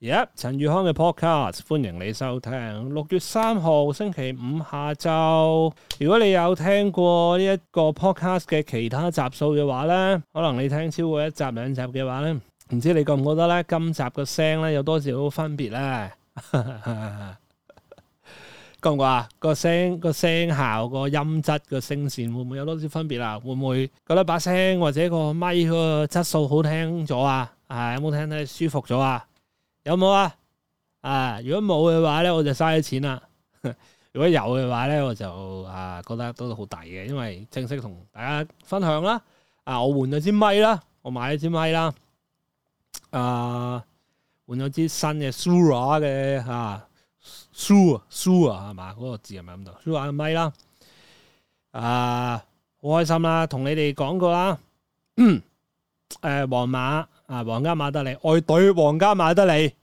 一陳宇康嘅 podcast，歡迎你收聽。六月三號星期五下晝，如果你有聽過呢一個 podcast 嘅其他集數嘅話咧，可能你聽超過一集兩集嘅話咧，唔知你覺唔覺得咧今集嘅聲咧有多少分別咧？ 覺唔覺啊？個聲個聲效個音質個聲線會唔會有多少分別啊？會唔會覺得把聲或者個咪個質素好聽咗啊？係、哎、有冇聽得舒服咗啊？有冇啊？啊，如果冇嘅話咧，我就嘥咗錢啦。 如果有嘅話咧，我就啊覺得都好抵嘅，因為正式同大家分享啦。啊，我換咗支咪啦，我買咗支咪啦。啊，換咗支新嘅 Sura 嘅啊，Sura Sura 係嘛？嗰個字係咪咁讀？Sura 嘅咪啦。啊，好、那個啊、開心啦，同你哋講過啦。誒，皇 馬啊，皇、啊、家馬德里外隊，皇家馬德里。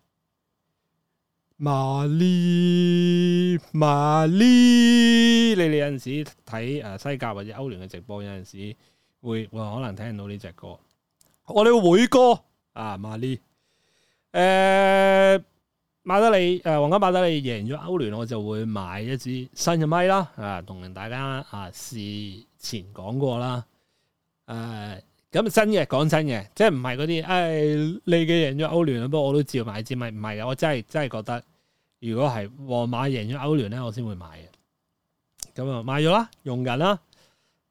瑪麗，瑪麗，你哋有陣時睇誒西甲或者歐聯嘅直播，有陣時會可能聽到呢隻歌。我、哦、哋會歌啊，瑪麗，誒、呃，馬德里，誒、呃，皇家馬德里贏咗歐聯，我就會買一支新嘅咪啦。啊、呃，同大家啊，事前講過啦，誒、呃。咁真嘅講真嘅，即係唔係嗰啲，唉、哎，你嘅贏咗歐聯啊！不過我都照買，隻咪唔係嘅，我真係真係覺得，如果係皇馬贏咗歐聯咧，我先會買嘅。咁啊，買咗啦，用緊啦。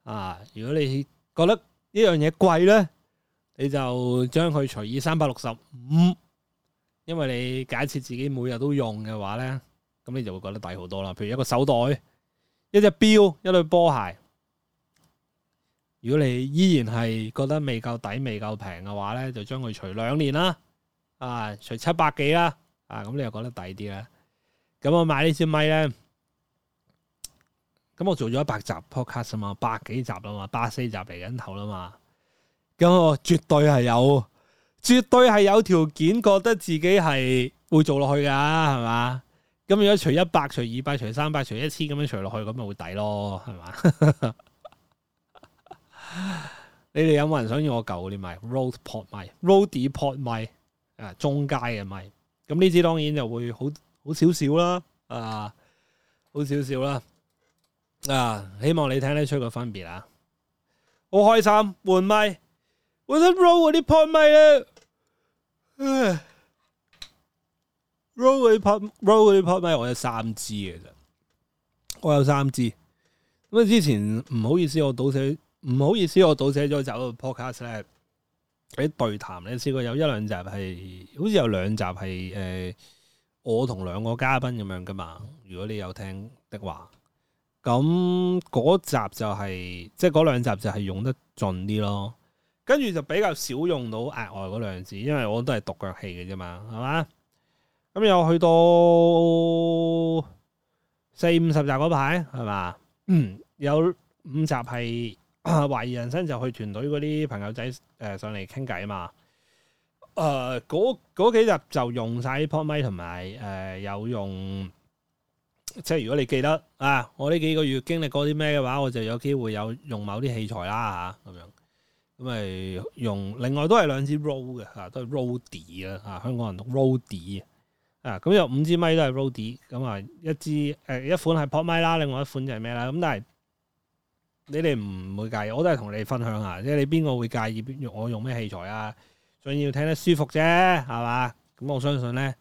啊，如果你覺得呢樣嘢貴咧，你就將佢除以三百六十五，因為你假設自己每日都用嘅話咧，咁你就會覺得抵好多啦。譬如一個手袋、一隻表、一對波鞋。如果你依然係覺得未夠抵、未夠平嘅話咧，就將佢除兩年啦，啊，除七百幾啦，啊，咁、啊、你又覺得抵啲啦。咁我買支呢支咪咧，咁我做咗一百集 podcast 啊嘛，百幾集啦嘛，八四集嚟緊頭啦嘛，咁我絕對係有，絕對係有條件覺得自己係會做落去噶，係嘛？咁如果除一百、除二百、除三百、除一千咁樣除落去，咁咪會抵咯，係嘛？ 你哋有冇人想要我舊嗰啲麥？Rode pot 麥、Rode pot 麥啊，中階嘅麥。咁呢支當然就會好好少少啦，啊，好少少啦。啊，希望你聽得出個分別啊。好開心換麥，我得 Rode 嗰啲 pot 麥啦。Rode 嗰啲 pot，Rode 啲 pot 麥，我有三支嘅啫。我有三支，咁啊，之前唔好意思，我倒水。唔好意思，我倒寫咗集個 podcast 咧，啲對談咧，試過有一兩集係，好似有兩集係，誒、呃，我同兩個嘉賓咁樣噶嘛。如果你有聽的話，咁嗰集就係、是，即係嗰兩集就係用得盡啲咯。跟住就比較少用到額外嗰兩字，因為我都係獨腳戲嘅啫嘛，係嘛。咁又去到四五十集嗰排，係嘛、嗯，有五集係。懷疑人生就去團隊嗰啲朋友仔誒上嚟傾偈啊嘛，誒嗰嗰幾日就用晒啲 PodMic 同埋誒有用，即係如果你記得啊，我呢幾個月經歷過啲咩嘅話，我就有機會有用某啲器材啦吓，咁、啊、樣咁咪用，另外都係兩支 Rode 嘅吓，都係 Rode 啦吓，香港人讀 Rode 啊，咁有五支咪都係 Rode 咁啊一支誒、呃、一款係 PodMic 啦，ai, 另外一款就係咩啦，咁、啊、但係。你哋唔會介意，我都係同你分享下，即係你邊個會介意邊用我用咩器材啊？仲要聽得舒服啫，係嘛？咁我相信咧，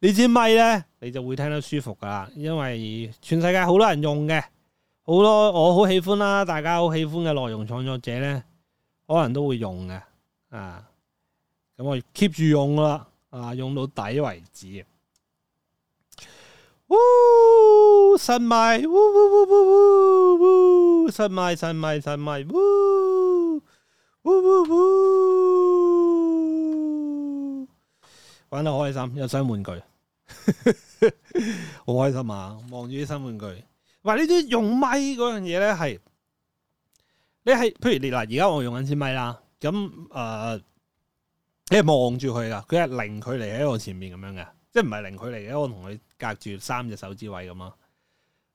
你支呢支咪咧你就會聽得舒服噶啦，因為全世界好多人用嘅，好多我好喜歡啦，大家好喜歡嘅內容創作者咧，可能都會用嘅啊。咁我 keep 住用啦，啊，用到底為止。嗚，神咪嗚嗚嗚嗚嗚，神咪神咪神咪，嗚嗚嗚，玩得好開心，有新玩具，好 開心啊！望住啲新玩具。話呢啲用咪嗰樣嘢咧，係你係，譬如你嗱，而家我用緊支咪啦，咁誒、呃，你係望住佢噶，佢係零距離喺我前面咁樣嘅，即係唔係零距離嘅，我同佢。隔住三隻手指位咁咯，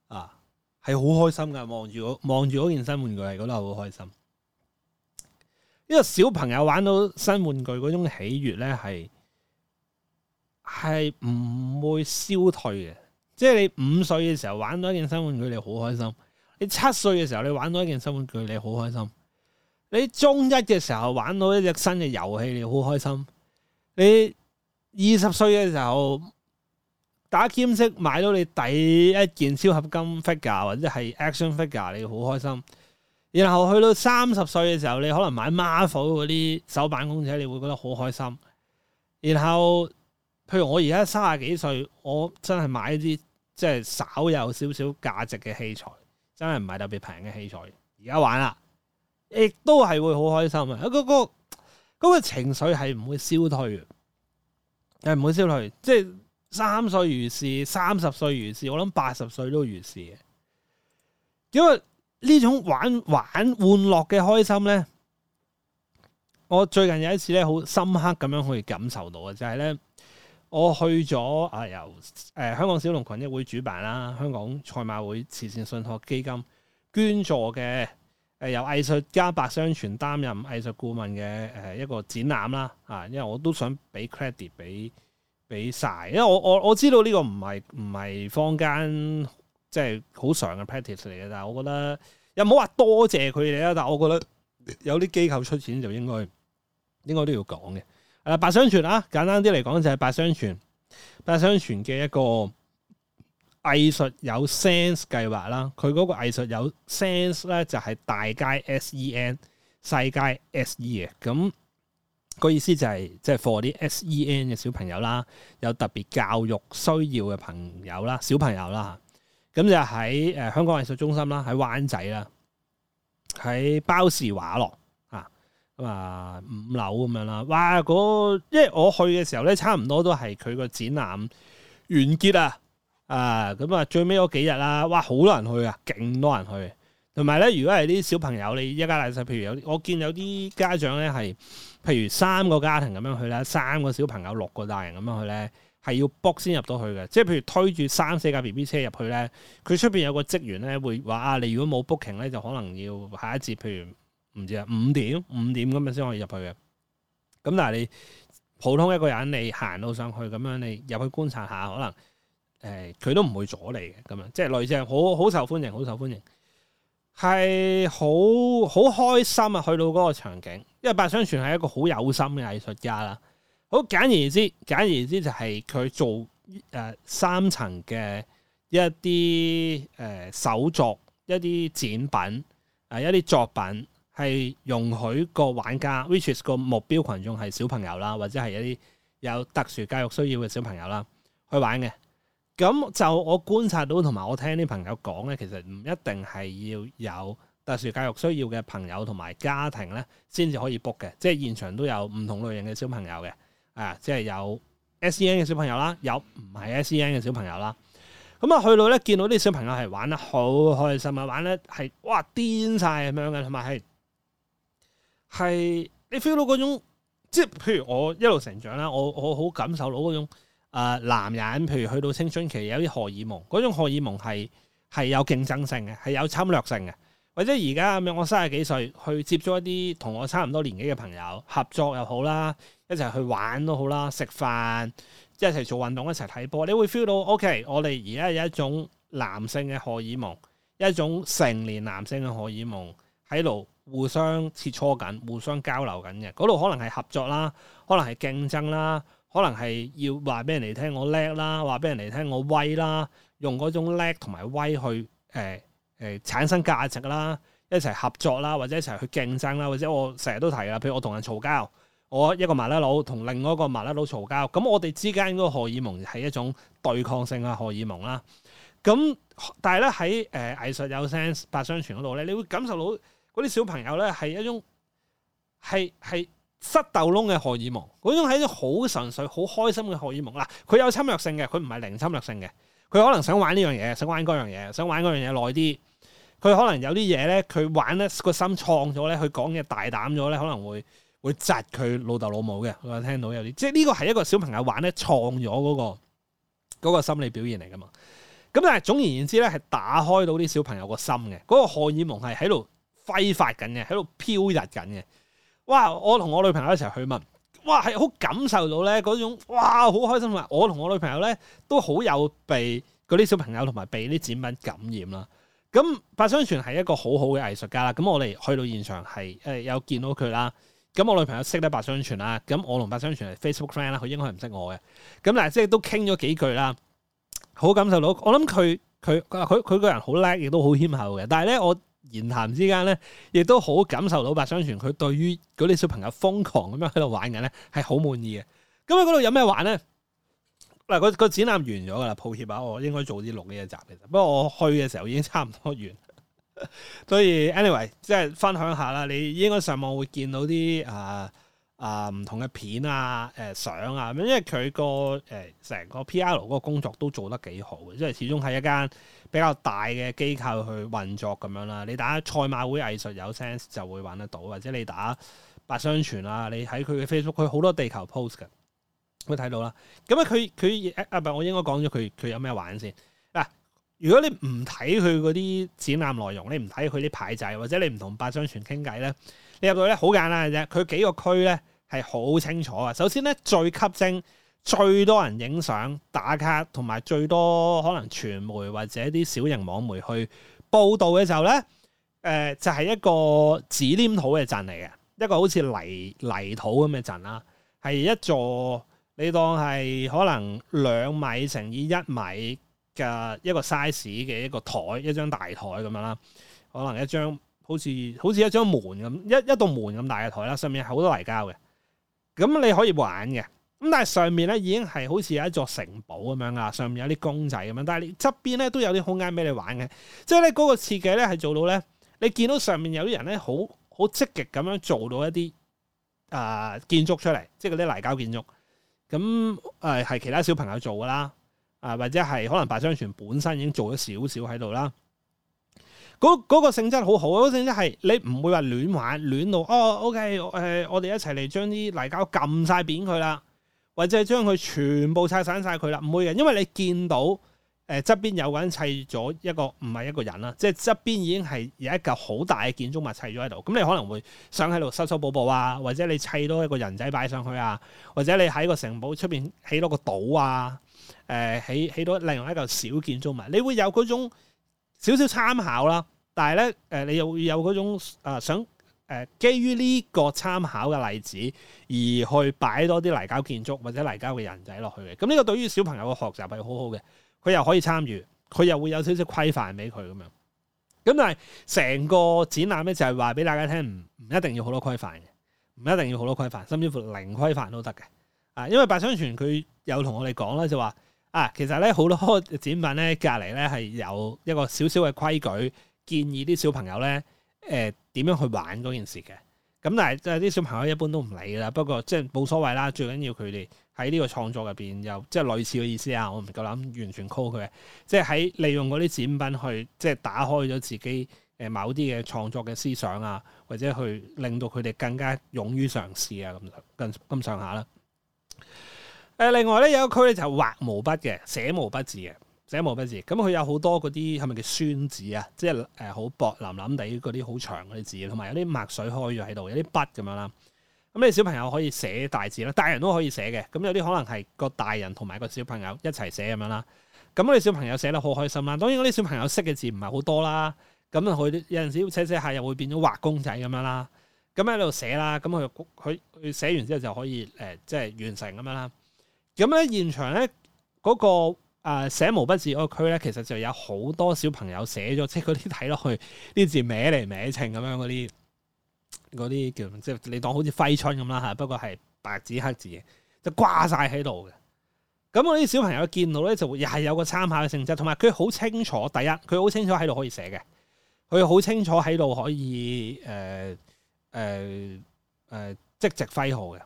啊，係好開心噶！望住望住嗰件新玩具，係覺得好開心。因為小朋友玩到新玩具嗰種喜悦咧，係係唔會消退嘅。即係你五歲嘅時候玩到一件新玩具，你好開心；你七歲嘅時候你玩到一件新玩具，你好開心；你中一嘅時候玩到一隻新嘅遊戲，你好開心；你二十歲嘅時候。打兼職買到你第一件超合金 figure 或者係 action figure 你好開心。然後去到三十歲嘅時候，你可能買 Marvel 嗰啲手辦公仔，你會覺得好開心。然後，譬如我而家三十幾歲，我真係買啲即係稍有少少價值嘅器材，真係唔係特別平嘅器材。而家玩啦，亦都係會好開心啊！嗰、嗰個、嗰個情緒係唔會消退嘅，係唔會消退，即係。三歲如是，三十歲如是，我諗八十歲都如是，因為呢種玩玩玩樂嘅開心呢，我最近有一次咧，好深刻咁樣可以感受到嘅就係呢，我去咗啊由誒、呃、香港小童群益會主辦啦，香港賽馬會慈善信託基金捐助嘅誒、呃、由藝術家白雙全擔任藝術顧問嘅誒、呃、一個展覽啦啊，因為我都想俾 credit 俾。俾晒，因為我我我知道呢個唔係唔係坊間即係好常嘅 practice 嚟嘅，但係我覺得又唔好話多謝佢哋啦。但係我覺得有啲機構出錢就應該應該都要講嘅。誒，白相傳啊，簡單啲嚟講就係白相傳，白相傳嘅一個藝術有 sense 計劃啦。佢嗰個藝術有 sense 咧，就係大街 S E N，世界 S E 啊，咁。個意思就係、是、即係 for 啲 SEN 嘅小朋友啦，有特別教育需要嘅朋友啦，小朋友啦，咁就喺誒、呃、香港藝術中心啦，喺灣仔啦，喺包氏畫廊啊咁啊五樓咁樣啦，哇！嗰因為我去嘅時候咧，差唔多都係佢個展覽完結啊，啊咁啊最尾嗰幾日啦，哇！好多人去啊，勁多人去，同埋咧，如果係啲小朋友，你一家大細，譬如有我見有啲家長咧係。譬如三個家庭咁樣去啦，三個小朋友、六個大人咁樣去咧，係要 book 先入到去嘅。即係譬如推住三四架 BB 車入去咧，佢出邊有個職員咧會話啊，你如果冇 booking 咧，就可能要下一節，譬如唔知啊五點五點咁樣先可以入去嘅。咁但係你普通一個人你行到上去咁樣，你入去觀察下，可能誒佢、呃、都唔會阻你嘅咁樣，即係類似好好受歡迎，好受歡迎，係好好開心啊！去到嗰個場景。因為白雙全係一個好有心嘅藝術家啦，好簡而言之，簡而言之就係佢做誒三層嘅一啲誒手作一啲展品，誒一啲作品係容許個玩家，which is 個目標群眾係小朋友啦，或者係一啲有特殊教育需要嘅小朋友啦去玩嘅。咁就我觀察到同埋我聽啲朋友講咧，其實唔一定係要有特殊教育需要嘅朋友同埋家庭咧，先至可以 book 嘅，即係現場都有唔同類型嘅小朋友嘅，啊，即係有 SEN 嘅小朋友啦，有唔係 SEN 嘅小朋友啦。咁、嗯、啊，去到咧見到啲小朋友係玩得好開心啊，玩咧係哇癲晒咁樣嘅，同埋係係你 feel 到嗰種，即係譬如我一路成長啦，我我好感受到嗰種誒、呃、男人，譬如去到青春期有啲荷爾蒙，嗰種荷爾蒙係係有競爭性嘅，係有侵略性嘅。或者而家咁樣，我三十幾歲去接觸一啲同我差唔多年紀嘅朋友合作又好啦，一齊去玩都好啦，食飯，一齊做運動，一齊睇波，你會 feel 到 OK，我哋而家有一種男性嘅荷爾蒙，一種成年男性嘅荷爾蒙喺度互相切磋緊，互相交流緊嘅。嗰度可能係合作啦，可能係競爭啦，可能係要話俾人哋聽我叻啦，話俾人哋聽我威啦，用嗰種叻同埋威去誒。呃誒、呃，產生價值啦，一齊合作啦，或者一齊去競爭啦，或者我成日都提啦，譬如我同人嘈交，我一個麻甩佬同另外一個麻甩佬嘈交，咁、嗯、我哋之間嗰個荷爾蒙係一種對抗性嘅荷爾蒙啦。咁、嗯、但係咧喺誒藝術有 sense 八相傳嗰度咧，你會感受到嗰啲小朋友咧係一種係係塞豆窿嘅荷爾蒙，嗰種係一種好純粹、好開心嘅荷爾蒙啦。佢、啊、有侵略性嘅，佢唔係零侵略性嘅，佢可能想玩呢樣嘢，想玩嗰樣嘢，想玩嗰樣嘢耐啲。佢可能有啲嘢咧，佢玩咧個心創咗咧，佢講嘢大膽咗咧，可能會會窒佢老豆老母嘅。我聽到有啲，即係呢個係一個小朋友玩咧創咗嗰個嗰個心理表現嚟㗎嘛。咁但係總而言之咧，係打開到啲小朋友個心嘅，嗰個荷爾蒙係喺度揮發緊嘅，喺度飄逸緊嘅。哇！我同我女朋友一齊去問，哇係好感受到咧嗰種哇好開心啊！我同我女朋友咧都好有被嗰啲小朋友同埋被啲展品感染啦。咁白相泉係一個好好嘅藝術家啦，咁我哋去到現場係誒有見到佢啦。咁我女朋友識得白相泉啦，咁我同白相泉係 Facebook friend 啦，佢應該唔識我嘅。咁嗱，即係都傾咗幾句啦，好感受到。我諗佢佢佢佢個人好叻，亦都好謙厚嘅。但係咧，我言談之間咧，亦都好感受到白相泉佢對於嗰啲小朋友瘋狂咁樣喺度玩嘅咧，係好滿意嘅。咁喺嗰度有咩玩咧？嗱，個、啊那個展覽完咗噶啦，抱歉啊，我應該做啲錄嘅一集其實，不過我去嘅時候已經差唔多完， 所以 anyway 即係分享下啦。你應該上網會見到啲啊啊唔同嘅片啊，誒、呃、相啊，因為佢、呃、個誒成個 PR 嗰個工作都做得幾好，即係始終係一間比較大嘅機構去運作咁樣啦。你打賽馬會藝術有 sense 就會揾得到，或者你打八相傳啊，你喺佢嘅 Facebook，佢好多地球 post 嘅。我睇到啦，咁咧佢佢，啊我應該講咗佢佢有咩玩先嗱、啊？如果你唔睇佢嗰啲展覽內容，你唔睇佢啲牌仔，或者你唔同八張全傾偈咧，你入到咧好簡單嘅啫。佢幾個區咧係好清楚嘅。首先咧最吸睛、最多人影相、打卡，同埋最多可能傳媒或者啲小型網媒去報道嘅時候咧，誒、呃、就係、是、一個紙黏土嘅鎮嚟嘅，一個好似泥泥土咁嘅鎮啦，係一座。你當係可能兩米乘以一米嘅一個 size 嘅一個台，一張大台咁樣啦，可能一張好似好似一張門咁，一一道門咁大嘅台啦，上面好多泥膠嘅，咁你可以玩嘅。咁但係上面咧已經係好似有一座城堡咁樣啦，上面有啲公仔咁樣，但係你側邊咧都有啲空間俾你玩嘅，即係咧嗰個設計咧係做到咧，你見到上面有啲人咧好好積極咁樣做到一啲啊、呃、建築出嚟，即係嗰啲泥膠建築。咁誒係其他小朋友做嘅啦，啊或者係可能白雙全本身已經做咗少少喺度啦。嗰、嗰個性質好好，嗰、嗰個、性質係你唔會話亂玩亂到哦，OK 誒、呃，我哋一齊嚟將啲泥膠撳晒扁佢啦，或者係將佢全部拆散晒佢啦，唔會嘅，因為你見到。誒側、呃、邊有個人砌咗一個唔係一個人啦，即係側邊已經係有一嚿好大嘅建築物砌咗喺度。咁你可能會想喺度修修補補啊，或者你砌多一個人仔擺上去啊，或者你喺個城堡出邊起多個島啊，誒起起多另外一個小建築物，你會有嗰種少少參考啦。但係咧誒，你又有有嗰種想誒，基於呢個參考嘅例子而去擺多啲泥膠建築或者泥膠嘅人仔落去嘅。咁呢個對於小朋友嘅學習係好好嘅。佢又可以參與，佢又會有少少規範俾佢咁樣。咁但係成個展覽咧就係話俾大家聽，唔唔一定要好多規範嘅，唔一定要好多規範，甚至乎零規範都得嘅。啊，因為白相傳佢有同我哋講啦，就話啊，其實咧好多展品咧隔離咧係有一個少少嘅規矩，建議啲小朋友咧誒點樣去玩嗰件事嘅。咁但係即係啲小朋友一般都唔理噶啦，不過即係冇所謂啦，最緊要佢哋喺呢個創作入邊又即係類似嘅意思啊，我唔夠膽完全 call 佢，即係喺利用嗰啲展品去即係打開咗自己誒某啲嘅創作嘅思想啊，或者去令到佢哋更加勇於嘗試啊咁上，咁咁上下啦。誒，另外咧有一區咧就畫毛筆嘅，寫毛筆字嘅。寫毛筆字，咁佢有好多嗰啲係咪叫宣紙啊？即係誒好薄、腍腍地嗰啲好長嗰啲字，同埋有啲墨水開咗喺度，有啲筆咁樣啦。咁你小朋友可以寫大字啦，大人都可以寫嘅。咁有啲可能係個大人同埋個小朋友一齊寫咁樣啦。咁你小朋友寫得好開心啦。當然嗰啲小朋友識嘅字唔係好多啦。咁啊，佢有陣時寫寫下又會變咗畫公仔咁樣啦。咁喺度寫啦，咁佢佢佢寫完之後就可以誒，即係完成咁樣啦。咁咧現場咧嗰個。啊！寫毛筆字嗰個區咧，其實就有好多小朋友寫咗，即係嗰啲睇落去啲字歪嚟歪稱咁樣嗰啲，嗰啲叫即係你當好似揮春咁啦，吓，不過係白紙黑字，就掛晒喺度嘅。咁我啲小朋友見到咧，就會又係有個參考嘅性質，同埋佢好清楚。第一，佢好清楚喺度可以寫嘅，佢好清楚喺度可以誒誒誒，即席揮毫嘅。誒、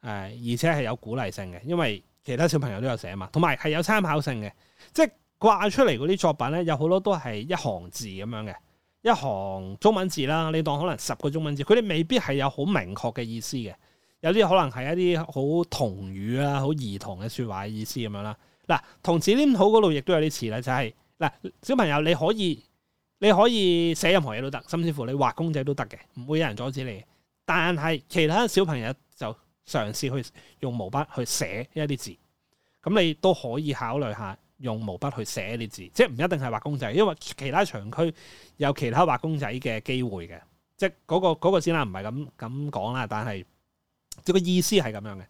呃呃呃呃，而且係有鼓勵性嘅，因為。其他小朋友都有寫嘛，同埋係有參考性嘅，即係掛出嚟嗰啲作品咧，有好多都係一行字咁樣嘅，一行中文字啦，你當可能十個中文字，佢哋未必係有好明確嘅意思嘅，有啲可能係一啲好童語啦，好兒童嘅説話意思咁樣啦。嗱，同紙黏土嗰度亦都有啲詞啦，就係，嗱，小朋友你可以你可以寫任何嘢都得，甚至乎你畫公仔都得嘅，唔會有人阻止你。但係其他小朋友。嘗試去用毛筆去寫一啲字，咁你都可以考慮下用毛筆去寫一啲字，即係唔一定係畫公仔，因為其他場區有其他畫公仔嘅機會嘅，即係、那、嗰個先啦，唔係咁咁講啦，但係即個意思係咁樣嘅。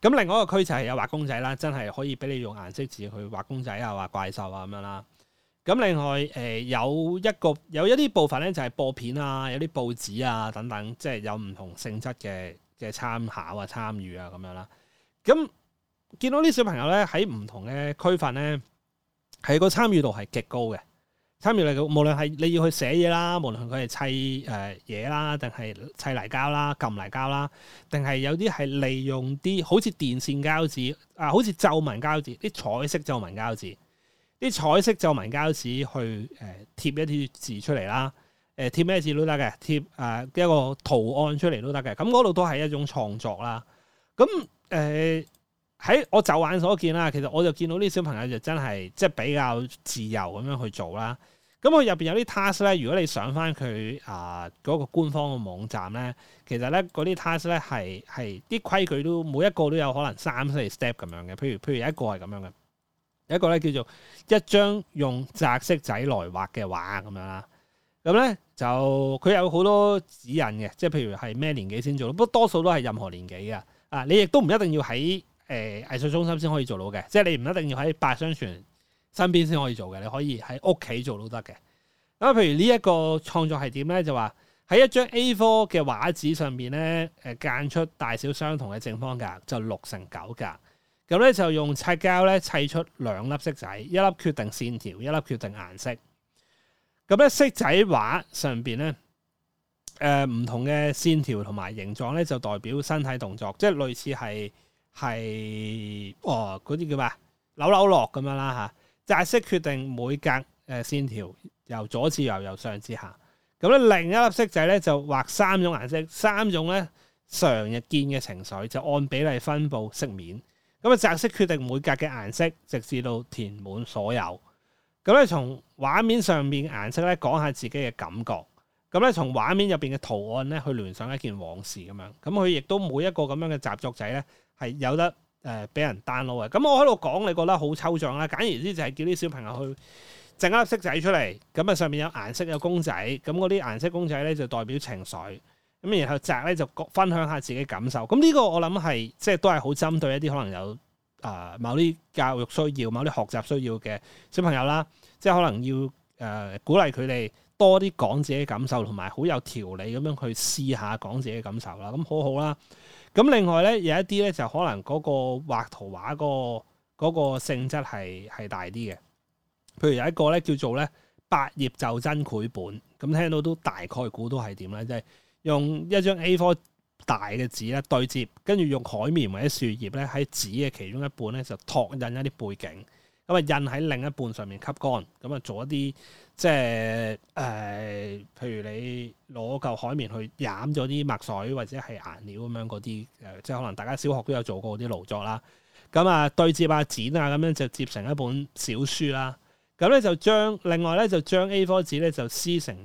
咁另外一個區就係有畫公仔啦，真係可以俾你用顏色字去畫公仔啊，畫怪獸啊咁樣啦。咁另外誒、呃、有一個有一啲部分咧就係播片啊，有啲報紙啊等等，即係有唔同性質嘅。嘅參考參與啊，參與啊，咁樣啦。咁見到啲小朋友咧，喺唔同嘅區份咧，喺個參與度係極高嘅。參與嚟講，無論係你要去寫嘢啦，無論佢係砌誒嘢啦，定係砌泥膠啦、撳泥膠啦，定係有啲係利用啲好似電線膠紙啊，好似皺紋膠紙，啲彩色皺紋膠紙，啲彩色皺紋膠紙去誒貼、呃、一啲字出嚟啦。誒，貼咩、呃、字都得嘅，貼誒、呃、一個圖案出嚟、嗯、都得嘅。咁嗰度都係一種創作啦。咁誒喺我就眼所見啦，其實我就見到啲小朋友就真係即係比較自由咁樣去做啦。咁佢入邊有啲 task 咧，如果你上翻佢啊嗰個官方嘅網站咧，其實咧嗰啲 task 咧係係啲規矩都每一個都有可能三四 step 咁樣嘅。譬如譬如有一個係咁樣嘅，有一個咧叫做一張用扎色仔來畫嘅畫咁樣啦。咁咧就佢有好多指引嘅，即係譬如係咩年紀先做到，不過多數都係任何年紀嘅。啊，你亦都唔一定要喺誒、呃、藝術中心先可以做到嘅，即係你唔一定要喺八雙船身邊先可以做嘅，你可以喺屋企做都得嘅。咁譬如呢一個創作係點咧？就話喺一張 A4 嘅畫紙上邊咧，誒、呃、間出大小相同嘅正方格，就六乘九格。咁咧就用擦膠咧砌出兩粒色仔，一粒決定線條，一粒決定顏色。咁咧色仔畫上邊咧，誒、呃、唔同嘅線條同埋形狀咧，就代表身體動作，即係類似係係哦嗰啲叫咩，扭扭樂咁樣啦嚇。啊、擲色式決定每格誒線條，由左至右，由上至下。咁、嗯、咧另一粒色仔咧就畫三種顏色，三種咧常日見嘅情緒，就按比例分布色面。咁、嗯、啊，擲色式決定每格嘅顏色，直至到填滿所有。咁、嗯、咧從畫面上面嘅顏色咧，講下自己嘅感覺。咁、嗯、咧，從畫面入邊嘅圖案咧，去聯想一件往事咁樣。咁佢亦都每一個咁樣嘅習作仔咧，係有得誒俾、呃、人 download 嘅。咁、嗯、我喺度講，你覺得好抽象啦。簡而言之，就係叫啲小朋友去整粒色仔出嚟。咁、嗯、啊，上面有顏色嘅公仔。咁嗰啲顏色公仔咧，就代表情緒。咁、嗯、然後摘咧就分享下自己感受。咁、嗯、呢、呢個我諗係即係都係好針對一啲可能有。啊、呃，某啲教育需要、某啲學習需要嘅小朋友啦，即係可能要誒、呃、鼓勵佢哋多啲講自己嘅感受，同埋好有條理咁樣去試下講自己嘅感受啦，咁、嗯、好好啦。咁、嗯、另外咧，有一啲咧就可能嗰個畫圖畫個嗰個性質係係大啲嘅。譬如有一個咧叫做咧八頁袖珍繪本，咁、嗯、聽到都大概估到係點咧？即、就、係、是、用一張 A4。大嘅紙咧對摺，跟住用海綿或者樹葉咧喺紙嘅其中一半咧就拓印一啲背景，咁啊印喺另一半上面吸乾，咁啊做一啲即係誒、呃，譬如你攞嚿海綿去染咗啲墨水或者係顏料咁樣嗰啲，誒即係可能大家小學都有做過啲勞作啦。咁啊對摺啊紙啊咁樣就摺成一本小書啦。咁咧就將另外咧就將 A4 紙咧就撕成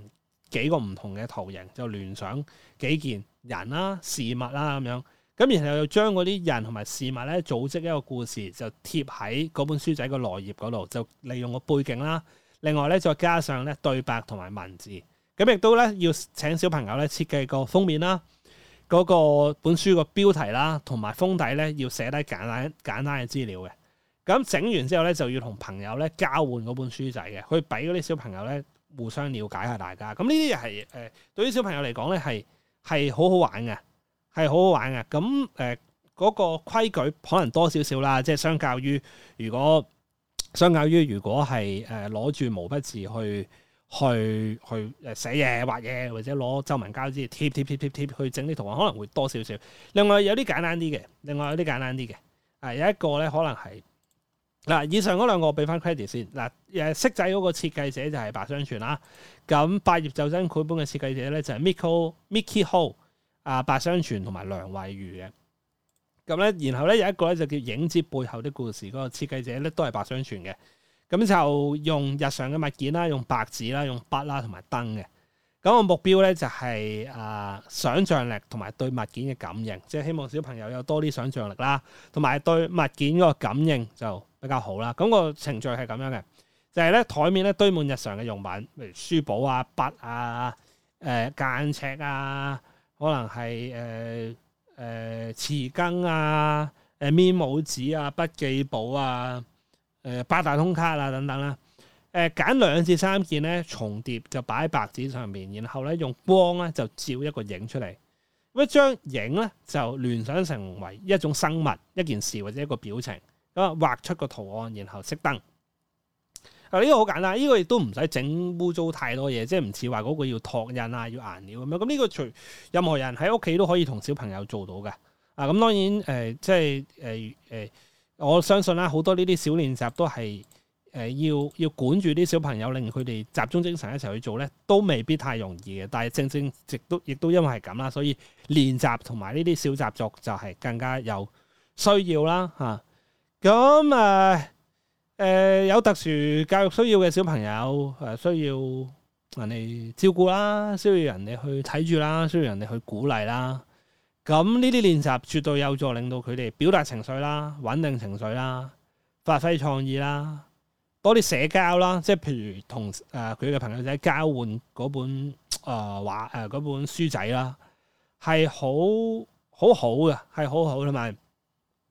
幾個唔同嘅圖形，就聯想，幾件人啦、事物啦咁樣，咁然後又將嗰啲人同埋事物咧組織一個故事，就貼喺嗰本書仔嘅內頁嗰度，就利用個背景啦。另外咧，再加上咧對白同埋文字，咁亦都咧要請小朋友咧設計個封面啦，嗰個本書個標題啦，同埋封底咧要寫低簡單簡單嘅資料嘅。咁整完之後咧，就要同朋友咧交換嗰本書仔嘅，去俾嗰啲小朋友咧互相了解下大家。咁呢啲係誒對於小朋友嚟講咧係。係好好玩嘅，係好好玩嘅。咁誒嗰個規矩可能多少少啦，即係相較於如果，相較於如果係誒攞住毛筆字去去去誒寫嘢畫嘢，或者攞皺紋膠紙貼貼貼貼貼去整啲圖案，可能會多少少。另外有啲簡單啲嘅，另外有啲簡單啲嘅，啊有一個咧可能係。嗱，以上嗰兩個俾翻 credit 先。嗱，誒色仔嗰個設計者就係白雙全啦。咁八頁袖珍繪本嘅設計者咧就係 Miko Miki Ho 啊，白雙全同埋梁惠如嘅。咁咧，然後咧有一個咧就叫影子背後的故事嗰、這個設計者咧都係白雙全嘅。咁就用日常嘅物件啦，用白紙啦，用筆啦同埋燈嘅。咁個目標咧就係、是、誒、呃、想像力同埋對物件嘅感應，即係希望小朋友有多啲想像力啦，同埋對物件嗰個感應就。比較好啦，咁、那個程序係咁樣嘅，就係咧台面咧堆滿日常嘅用品，譬如書簿啊、筆啊、誒、呃、間尺啊，可能係誒誒匙羹啊、誒棉帽子啊、筆記簿啊、誒、呃、八大通卡啊等等啦、啊，誒、呃、揀兩至三件咧重疊就擺喺白紙上面，然後咧用光咧就照一個影出嚟，咁一張影咧就聯想成為一種生物、一件事或者一個表情。啊！畫出個圖案，然後熄燈。啊，呢、這個好簡單，呢、這個亦都唔使整污糟太多嘢，即係唔似話嗰個要拓印啊、要顏料咁、啊、樣。咁、這、呢個除任何人喺屋企都可以同小朋友做到嘅。啊，咁、嗯、當然誒、呃，即係誒誒，我相信啦、啊，好多呢啲小練習都係誒、呃、要要管住啲小朋友，令佢哋集中精神一齊去做咧，都未必太容易嘅。但係正正亦都亦都因為係咁啦，所以練習同埋呢啲小習作就係更加有需要啦，嚇、啊。咁啊，誒、嗯呃，有特殊教育需要嘅小朋友，誒、呃，需要人哋照顧啦，需要人哋去睇住啦，需要人哋去鼓勵啦。咁呢啲練習絕對有助令到佢哋表達情緒啦，穩定情緒啦，發揮創意啦，多啲社交啦，即係譬如同誒佢嘅朋友仔交換嗰本誒畫誒本書仔啦，係好好好嘅，係好好啦，咪。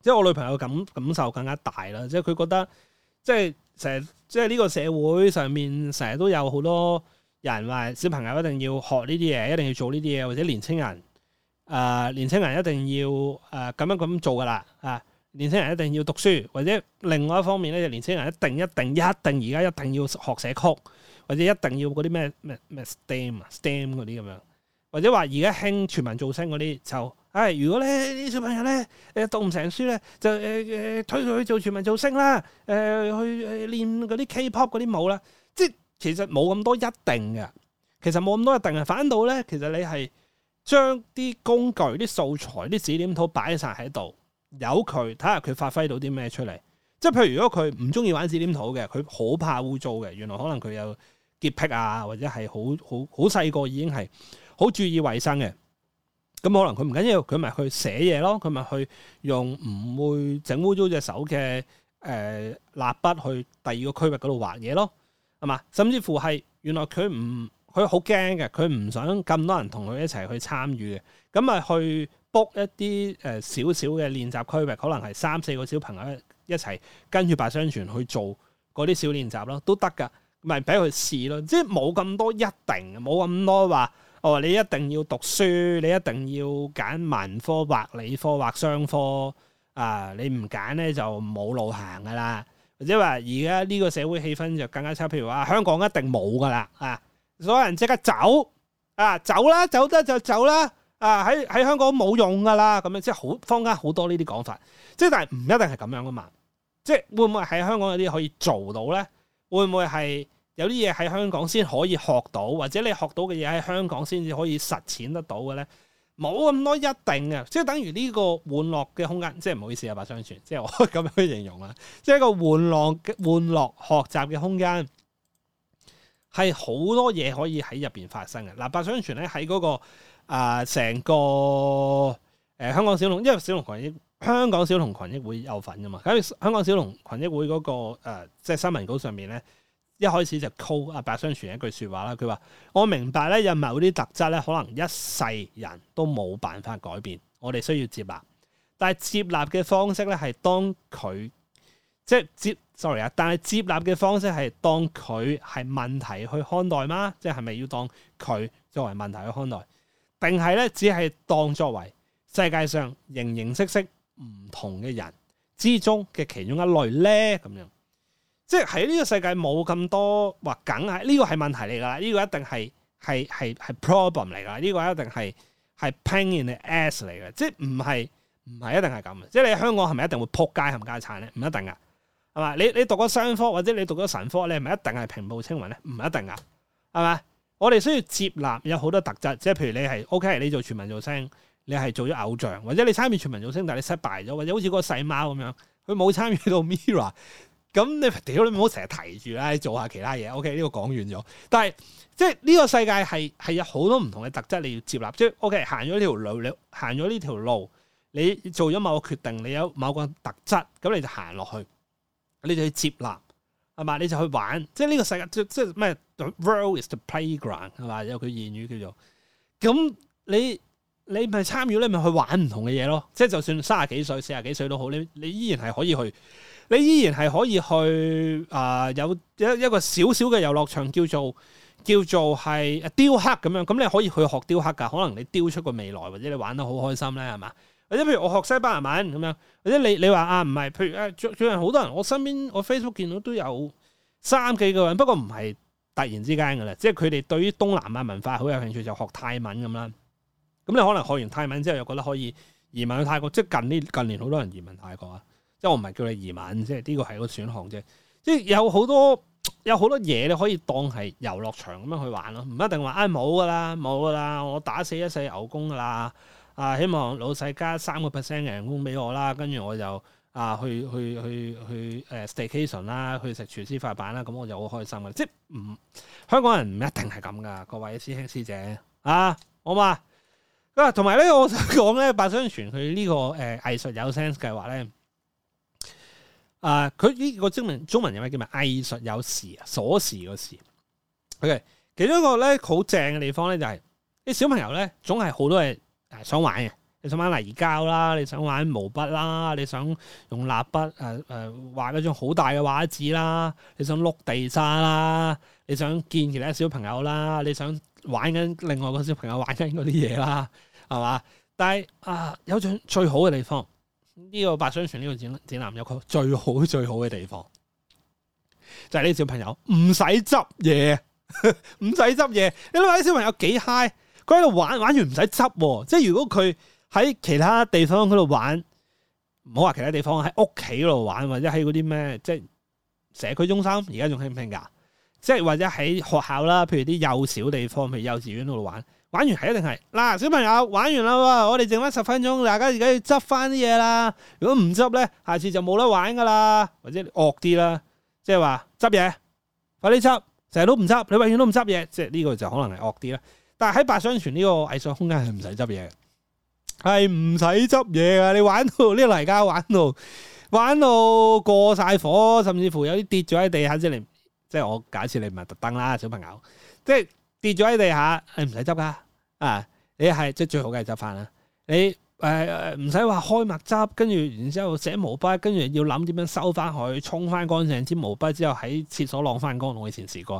即係我女朋友感感受更加大啦，即係佢覺得即係成即係呢個社會上面成日都有好多人話小朋友一定要學呢啲嘢，一定要做呢啲嘢，或者年青人啊、呃、年青人一定要誒咁、呃、樣咁做噶啦啊！年青人一定要讀書，或者另外一方面咧，就年青人一定一定一定而家一定要學寫曲，或者一定要嗰啲咩咩咩 STEM 啊 STEM 嗰啲咁樣。或者話而家興全民造星嗰啲就，哎，誒，如果咧啲小朋友咧，誒讀唔成書咧，就誒誒推佢去做全民造星啦，誒去練嗰啲 K-pop 嗰啲舞啦，即係其實冇咁多一定嘅，其實冇咁多一定嘅，反倒咧，其實你係將啲工具、啲素材、啲紙黏土擺晒喺度，由佢睇下佢發揮到啲咩出嚟。即係譬如如果佢唔中意玩紙黏土嘅，佢好怕污糟嘅，原來可能佢有潔癖啊，或者係好好好細個已經係。好注意衞生嘅咁，可能佢唔緊要，佢咪去寫嘢咯。佢咪去用唔會整污糟隻手嘅誒蠟筆去第二個區域嗰度畫嘢咯，係嘛？甚至乎係原來佢唔佢好驚嘅，佢唔想咁多人同佢一齊去參與嘅咁咪去 book 一啲誒少少嘅練習區域，可能係三四個小朋友一一齊跟住白雙全去做嗰啲小練習咯，都得㗎。咪俾佢試咯，即係冇咁多一定，冇咁多話。我、哦、你一定要讀書，你一定要揀文科或理科或商科啊！你唔揀咧就冇路行噶啦。或者話而家呢個社會氣氛就更加差，譬如話香港一定冇噶啦啊！所有人即刻走啊走啦，走得就走啦啊！喺喺香港冇用噶啦，咁樣即係好坊間好多呢啲講法。即係但係唔一定係咁樣噶嘛。即係會唔會喺香港有啲可以做到咧？會唔會係？有啲嘢喺香港先可以學到，或者你學到嘅嘢喺香港先至可以實踐得到嘅咧，冇咁多一定嘅，即係等於呢個玩樂嘅空間，即係唔好意思啊，白相傳，即係我咁樣去形容啦，即係一個玩樂嘅玩樂學習嘅空間，係好多嘢可以喺入邊發生嘅。嗱，白相傳咧喺嗰個成、呃、個誒、呃、香港小童，因為小童群益香港小童群益會，會有份㗎嘛，咁香港小童群益會嗰、嗰個、呃、即係新聞稿上面咧。一開始就 call 阿白相傳一句説話啦，佢話：我明白咧，有某啲特質咧，可能一世人都冇辦法改變。我哋需要接納，但係接納嘅方式咧，係當佢即係接 sorry 啊！但係接納嘅方式係當佢係問題去看待嗎？即係咪要當佢作為問題去看待，定係咧只係當作為世界上形形色色唔同嘅人之中嘅其中一類咧咁樣？即係喺呢個世界冇咁多或梗係，呢個係問題嚟噶，呢個一定係係係係 problem 嚟噶，呢個一定係係 pain in the ass 嚟嘅，即係唔係唔係一定係咁嘅。即係你喺香港係咪一定會扑街冚家鏟咧？唔一定噶，係嘛？你你讀咗商科或者你讀咗神科，你係咪一定係平步青雲咧？唔一定噶，係嘛？我哋需要接納有好多特質，即係譬如你係 OK，你做全民造星，你係做咗偶像，或者你參與全民造星，但係你失敗咗，或者好似嗰個細貓咁樣，佢冇參與到 Mirror。咁你屌，你唔好成日提住啦，你做下其他嘢。OK，呢個講完咗，但係即係呢個世界係係有好多唔同嘅特質你要接納。即係 OK，行咗條路，你行咗呢條路，你做咗某個決定，你有某個特質，咁你就行落去，你就去接納，係嘛？你就去玩。即係呢個世界，即即係咩？World is the playground 係嘛？有句言語叫做：咁你你咪參與，你咪去玩唔同嘅嘢咯。即係就算三十幾歲、四十幾歲都好，你你依然係可以去。你依然係可以去啊、呃，有一一個小小嘅遊樂場叫做叫做係雕刻咁樣，咁你可以去學雕刻㗎。可能你雕出個未來，或者你玩得好開心咧，係嘛？或者譬如我學西班牙文咁樣，或者你你話啊唔係，譬如誒，最近好多人，我身邊我 Facebook 見到都有三幾個人，不過唔係突然之間嘅喇，即係佢哋對於東南亞文化好有興趣，就學泰文咁啦。咁你可能學完泰文之後又覺得可以移民去泰國，即係近呢近年好多人移民泰國啊。因為我唔係叫你移民，即係呢個係個選項啫。即係有好多有好多嘢，你可以當係遊樂場咁樣去玩咯，唔一定話啊冇噶啦，冇噶啦。我打死一世牛工噶啦，啊希望老細加三個 percent 嘅人工俾我啦，跟住我就啊去去去去誒、呃、staycation 啦，去食廚師發辦啦，咁我就好開心嘅。即係唔香港人唔一定係咁噶，各位師兄師姐啊，好嘛？啊同埋咧，我想講咧，八相船佢呢個誒、呃、藝術有 sense 計劃咧。啊！佢呢個證明中文有咩叫咩藝術有時鎖、啊、匙個事。OK，其中一個咧好正嘅地方咧就係、是、啲小朋友咧，總係好多嘢誒想玩嘅。你想玩泥膠啦，你想玩毛筆啦，你想用蠟筆誒誒、呃、畫嗰種好大嘅畫紙啦，你想碌地沙啦，你想見其他小朋友啦，你想玩緊另外個小朋友玩緊嗰啲嘢啦，係嘛？但係啊，有種最好嘅地方。呢個白雙船呢個展展覽有個最好最好嘅地方，就係呢，小朋友唔使執嘢，唔使執嘢。你諗下啲小朋友幾嗨，佢喺度玩玩完唔使執喎，即係如果佢喺其他地方度玩，唔好話其他地方，喺屋企度玩或者喺嗰啲咩，即係社區中心，而家仲興唔興噶？即係或者喺學校啦，譬如啲幼小地方，譬如幼稚園度玩。玩完係一定係嗱，小朋友玩完啦，我哋剩翻十分鐘，大家而家要執翻啲嘢啦。如果唔執咧，下次就冇得玩噶啦，或者惡啲啦，即係話執嘢，快啲執，成日都唔執，你永遠都唔執嘢，即係呢個就可能係惡啲啦。但係喺八雙船呢個藝術空間係唔使執嘢，嘅，係唔使執嘢噶。你玩到呢度你而家玩到玩到過晒火，甚至乎有啲跌咗喺地下，即係你，即係我假設你唔係特登啦，小朋友，即係。跌咗喺地下，你唔使執噶，啊，你係即係最好嘅係執返啦。你誒唔使話開墨汁，跟住然後寫跟之後寫毛筆，跟住要諗點樣收翻佢，沖翻乾淨支毛筆之後喺廁所晾翻乾，我以前試過，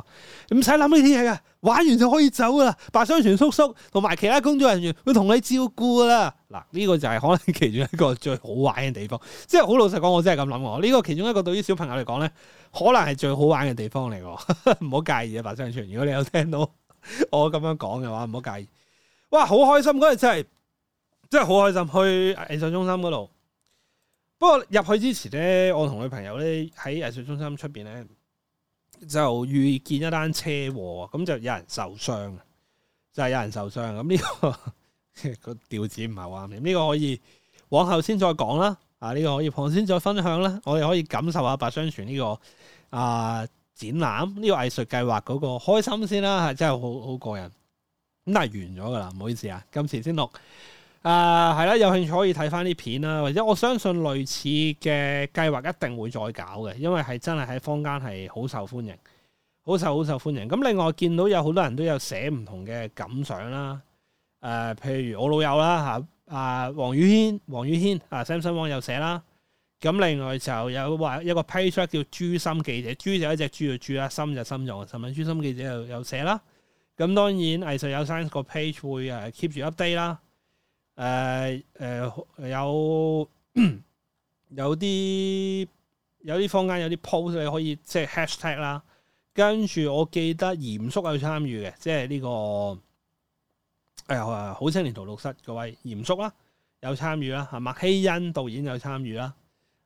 唔使諗呢啲嘢嘅，玩完就可以走啦。白雙全叔叔同埋其他工作人員會同你照顧啦。嗱，呢、這個就係可能其中一個最好玩嘅地方，即係好老實講，我真係咁諗嘅。呢、這個其中一個對於小朋友嚟講咧，可能係最好玩嘅地方嚟嘅，唔 好介意啊，白雙全。如果你有聽到。 我咁樣講嘅話唔好介意。哇，好開心，嗰日真係真係好開心去藝術中心嗰度。不過入去之前咧，我同女朋友咧喺藝術中心出邊咧就遇見一單車禍，咁就有人受傷，就係、是、有人受傷。咁呢、這個個調子唔係好啱嘅，呢、 這個可以往後先再講啦。啊，呢、這個可以往後先再分享啦，我哋可以感受下白雙全呢個啊。展覽呢個藝術計劃嗰個開心先啦，係真係好好過癮。咁但係完咗噶啦，唔好意思啊，今次先錄。誒係啦，有興趣可以睇翻啲片啦，或者我相信類似嘅計劃一定會再搞嘅，因為係真係喺坊間係好受歡迎，好受好受歡迎。咁另外見到有好多人都有寫唔同嘅感想啦，誒，譬如我老友啦吓，阿黃宇軒，黃宇軒，阿 Samson 王又寫啦。咁另外就有話一個 page 叫豬心記者，豬就係隻豬嘅豬啦，就就就心就心用啊，同埋豬心記者又有寫啦。咁當然其實有三個 page 會誒 keep 住 update 啦，誒、呃、誒、呃、有有啲有啲坊間有啲 post s，你可以即係 hashtag 啦。跟住我記得嚴肅有參與嘅，即係呢、這個誒、哎、好青年荼毒室嗰位嚴肅啦，有參與啦，嚇、啊、麥曦茵導演有參與啦。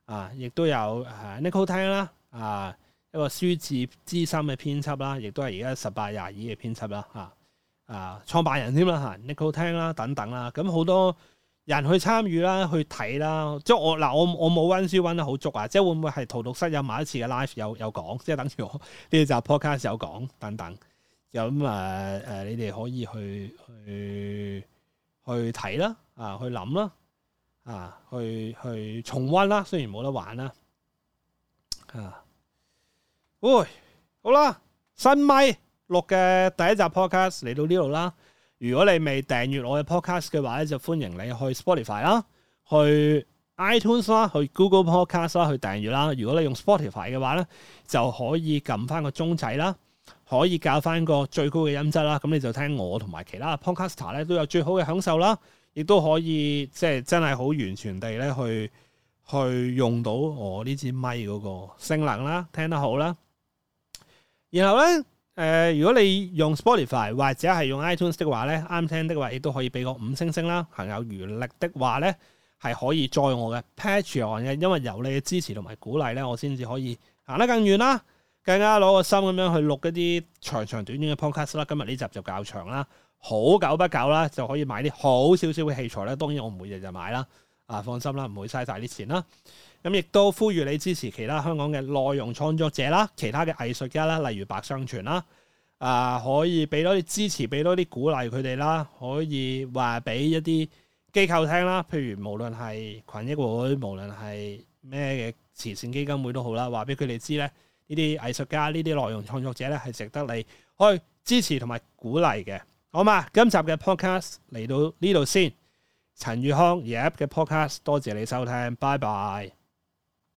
啊！亦都有啊，Nico 聽啦，啊，一個書籍資深嘅編輯啦，亦都係而家十八廿二嘅編輯啦，吓啊，創、啊、辦人添啦，吓，Nico 聽啦，等等啦，咁、啊、好、嗯、多人去參與啦，去睇啦，即係我嗱，我我冇溫書溫得好足啊，即係、啊啊、會唔會係圖讀室有某一次嘅 live 有有講，即係等住我呢集 podcast 有講等等，咁啊誒、啊啊，你哋可以去去去睇啦，啊，去諗啦。啊啊，去去重溫啦，雖然冇得玩啦。啊，喂，好啦，新咪錄嘅第一集 podcast 嚟到呢度啦。如果你未訂閱我嘅 podcast 嘅話咧，就歡迎你去 Spotify 啦，去 iTunes 啦，去 Google Podcast 啦，去訂閱啦。如果你用 Spotify 嘅話咧，就可以撳翻個鐘仔啦，可以校翻個最高嘅音質啦。咁你就聽我同埋其他 podcaster 咧都有最好嘅享受啦。亦都可以即係真係好完全地咧去去用到我呢支咪嗰個性能啦，聽得好啦。然後咧，誒、呃、如果你用 Spotify 或者係用 iTunes 的話咧，啱聽的話亦都可以俾個五星星啦。還有餘力的話咧，係可以再用我嘅 Patreon 嘅，因為有你嘅支持同埋鼓勵咧，我先至可以行得更遠啦，更加攞個心咁樣去錄一啲長長短短嘅 Podcast 啦。今日呢集就較長啦。好久不久啦，就可以買啲好少少嘅器材咧。當然我唔每日就買啦，啊放心啦，唔會嘥晒啲錢啦。咁亦都呼籲你支持其他香港嘅內容創作者啦，其他嘅藝術家啦，例如白雙全啦，啊可以俾多啲支持，俾多啲鼓勵佢哋啦。可以話俾一啲機構聽啦，譬如無論係群益會，無論係咩嘅慈善基金會都好啦，話俾佢哋知咧，呢啲藝術家，呢啲內容創作者咧係值得你去支持同埋鼓勵嘅。好嘛，今集嘅 podcast 嚟到呢度先，陳宇康嘅 podcast，多謝你收聽，拜拜。